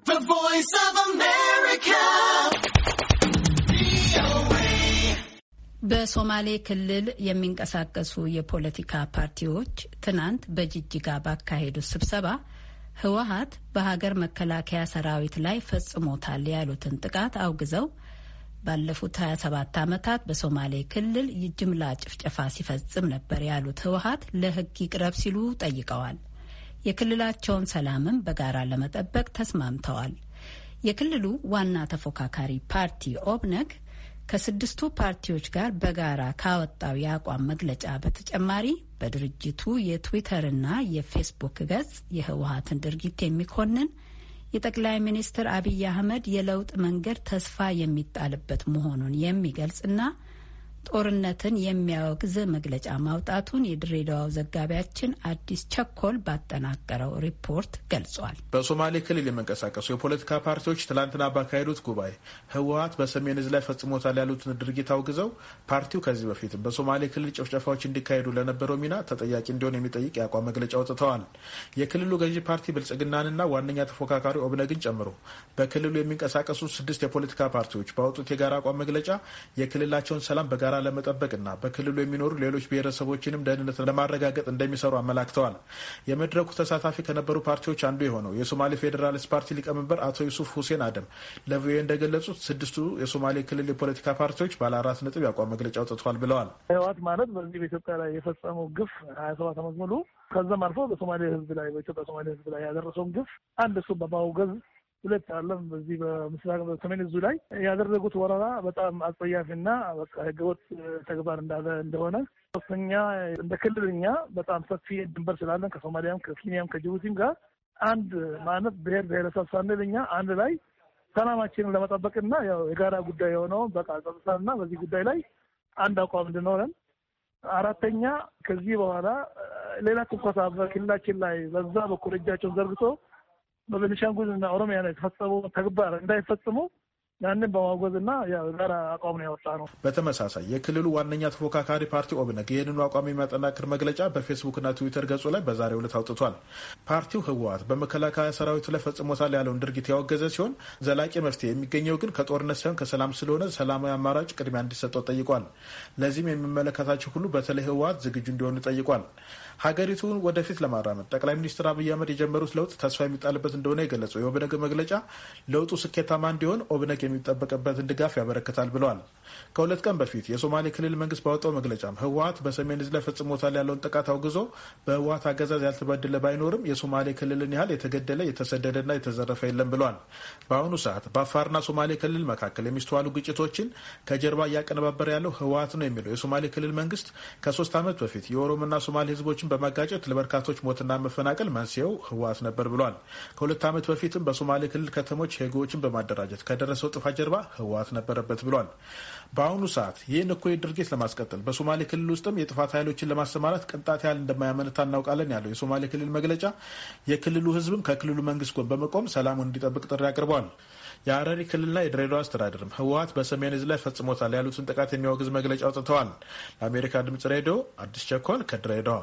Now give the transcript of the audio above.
The Voice of America. በሶማሌ ክልል የሚንቀሳቀሱ የፖለቲካ ፓርቲዎች ትናንት በጅጅጋ ባካሄዱት ስብሰባ ህወሀት በሀገር መከላከያ ሰራዊት ላይ ፈጽሞታል ያሉትን ጥቃት አውግዘው ባለፉት 27 ዓመታት በሶማሌ ክልል የጅምላ ጭፍጨፋ ሲፈጽም ነበር ያሉት ህወሀት ለህግ ይቅረብ ሲሉ ጠይቀዋል። የክልላቸውን ሰላምም በጋራ ለመጠበቅ ተስማምተዋል። የክልሉ ዋና ተፎካካሪ ፓርቲ ኦብነግ ከስድስቱ ፓርቲዎች ጋር በጋራ ካወጣው የአቋም መግለጫ በተጨማሪ በድርጅቱ የትዊተርና የፌስቡክ ገጽ የህወሀትን ድርጊት የሚኮንን የጠቅላይ ሚኒስትር አብይ አህመድ የለውጥ መንገድ ተስፋ የሚጣልበት መሆኑን የሚገልጽና ጦርነትን የሚያወግዝ መግለጫ ማውጣቱን የድሬዳዋው ዘጋቢያችን አዲስ ቸኮል ባጠናቀረው ሪፖርት ገልጿል። በሶማሌ ክልል የመንቀሳቀሱ የፖለቲካ ፓርቲዎች ትላንትና ባካሄዱት ጉባኤ ህወሀት በሰሜን እዝ ላይ ፈጽሞታል ያሉትን ድርጊት አውግዘው ፓርቲው ከዚህ በፊት በሶማሌ ክልል ጭፍጨፋዎች እንዲካሄዱ ለነበረው ሚና ተጠያቂ እንዲሆን የሚጠይቅ የአቋም መግለጫ አውጥተዋል። የክልሉ ገዢ ፓርቲ ብልጽግናንና ዋነኛ ተፎካካሪ ኦብነግን ጨምሮ በክልሉ የሚንቀሳቀሱ ስድስት የፖለቲካ ፓርቲዎች ባወጡት የጋራ አቋም መግለጫ የክልላቸውን ሰላም በጋ ዳራ ለመጠበቅና በክልሉ የሚኖሩ ሌሎች ብሔረሰቦችንም ደህንነት ለማረጋገጥ እንደሚሰሩ አመላክተዋል። የመድረኩ ተሳታፊ ከነበሩ ፓርቲዎች አንዱ የሆነው የሶማሌ ፌዴራሊስት ፓርቲ ሊቀመንበር አቶ ዩሱፍ ሁሴን አደም ለቪኦኤ እንደገለጹት ስድስቱ የሶማሌ ክልል የፖለቲካ ፓርቲዎች ባለ አራት ነጥብ የአቋም መግለጫ አውጥተዋል ብለዋል። ህወሓት ማለት በዚህ በኢትዮጵያ ላይ የፈጸመው ግፍ ሀያ ሰባት ዓመት ሙሉ ከዛም አልፎ በሶማሌ ህዝብ ላይ በኢትዮጵያ ሶማሌ ህዝብ ላይ ያደረሰውን ግፍ አንድ እሱ በማውገዝ ሁለት አለም በዚህ በምስራቅ በሰሜን እዙ ላይ ያደረጉት ወረራ በጣም አጸያፊና በቃ ህገወጥ ተግባር እንዳለ እንደሆነ ሶስተኛ እንደ ክልልኛ በጣም ሰፊ ድንበር ስላለን ከሶማሊያም ከኬንያም ከጅቡቲም ጋር አንድ ማለት ብሔር ብሔረሰብ ሳንልኛ አንድ ላይ ሰላማችንን ለመጠበቅና ያው የጋራ ጉዳይ የሆነውን በቃ ጸጥታና በዚህ ጉዳይ ላይ አንድ አቋም እንድኖረን አራተኛ ከዚህ በኋላ ሌላ ትንኮሳ በክልላችን ላይ በዛ በኩል እጃቸውን ዘርግቶ በቤኒሻንጉል እና ኦሮሚያ ነው የተፈጸመው ተግባር እንዳይፈጽሙ ያንን በማውገዝ የጋራ አቋም ነው ያወጣ ነው። በተመሳሳይ የክልሉ ዋነኛ ተፎካካሪ ፓርቲ ኦብነግ ይህንኑ አቋም የሚያጠናክር መግለጫ በፌስቡክና ትዊተር ገጹ ላይ በዛሬው ዕለት አውጥቷል። ፓርቲው ህወሓት በመከላከያ ሰራዊት ላይ ፈጽሞታል ያለውን ድርጊት ያወገዘ ሲሆን ዘላቂ መፍትሄ የሚገኘው ግን ከጦርነት ሳይሆን ከሰላም ስለሆነ ሰላማዊ አማራጭ ቅድሚያ እንዲሰጠው ጠይቋል። ለዚህም የሚመለከታቸው ሁሉ በተለይ ህወሓት ዝግጁ እንዲሆኑ ጠይቋል። ሀገሪቱን ወደፊት ለማራመድ ጠቅላይ ሚኒስትር አብይ አህመድ የጀመሩት ለውጥ ተስፋ የሚጣልበት እንደሆነ የገለጸው የኦብነግ መግለጫ ለውጡ ስኬታማ እንዲሆን ኦብነግ የሚጠበቅበትን ድጋፍ ያበረክታል ብለዋል። ከሁለት ቀን በፊት የሶማሌ ክልል መንግስት ባወጣው መግለጫም ህወሀት በሰሜን እዝ ላይ ፈጽሞታል ያለውን ጥቃት አውግዞ በህወሀት አገዛዝ ያልተበደለ ባይኖርም የሶማሌ ክልልን ያህል የተገደለ የተሰደደና የተዘረፈ የለም ብለዋል። በአሁኑ ሰዓት በአፋርና ሶማሌ ክልል መካከል የሚስተዋሉ ግጭቶችን ከጀርባ እያቀነባበረ ያለው ህወሀት ነው የሚለው የሶማሌ ክልል መንግስት ከሶስት ዓመት በፊት የኦሮሞና ሶማሌ ህዝቦችን በማጋጨት ለበርካቶች ሞትና መፈናቀል መንስኤው ህወሀት ነበር ብሏል። ከሁለት ዓመት በፊትም በሶማሌ ክልል ከተሞች ሄጎዎችን በማደራጀት ከደረሰው አሸዋ ጀርባ ህወሓት ነበረበት ብሏል። በአሁኑ ሰዓት ይህን እኩይ ድርጊት ለማስቀጠል በሶማሌ ክልል ውስጥም የጥፋት ኃይሎችን ለማሰማራት ቅንጣት ያህል እንደማያመነታ እናውቃለን ያለው የሶማሌ ክልል መግለጫ የክልሉ ህዝብም ከክልሉ መንግስት ጎን በመቆም ሰላሙን እንዲጠብቅ ጥሪ አቅርበዋል። የአረሪ ክልልና የድሬዳዋ አስተዳደርም ህወሀት በሰሜን ህዝብ ላይ ፈጽሞታል ያሉትን ጥቃት የሚያወግዝ መግለጫ አውጥተዋል። ለአሜሪካ ድምጽ ሬዲዮ አዲስ ቸኮል ከድሬዳዋ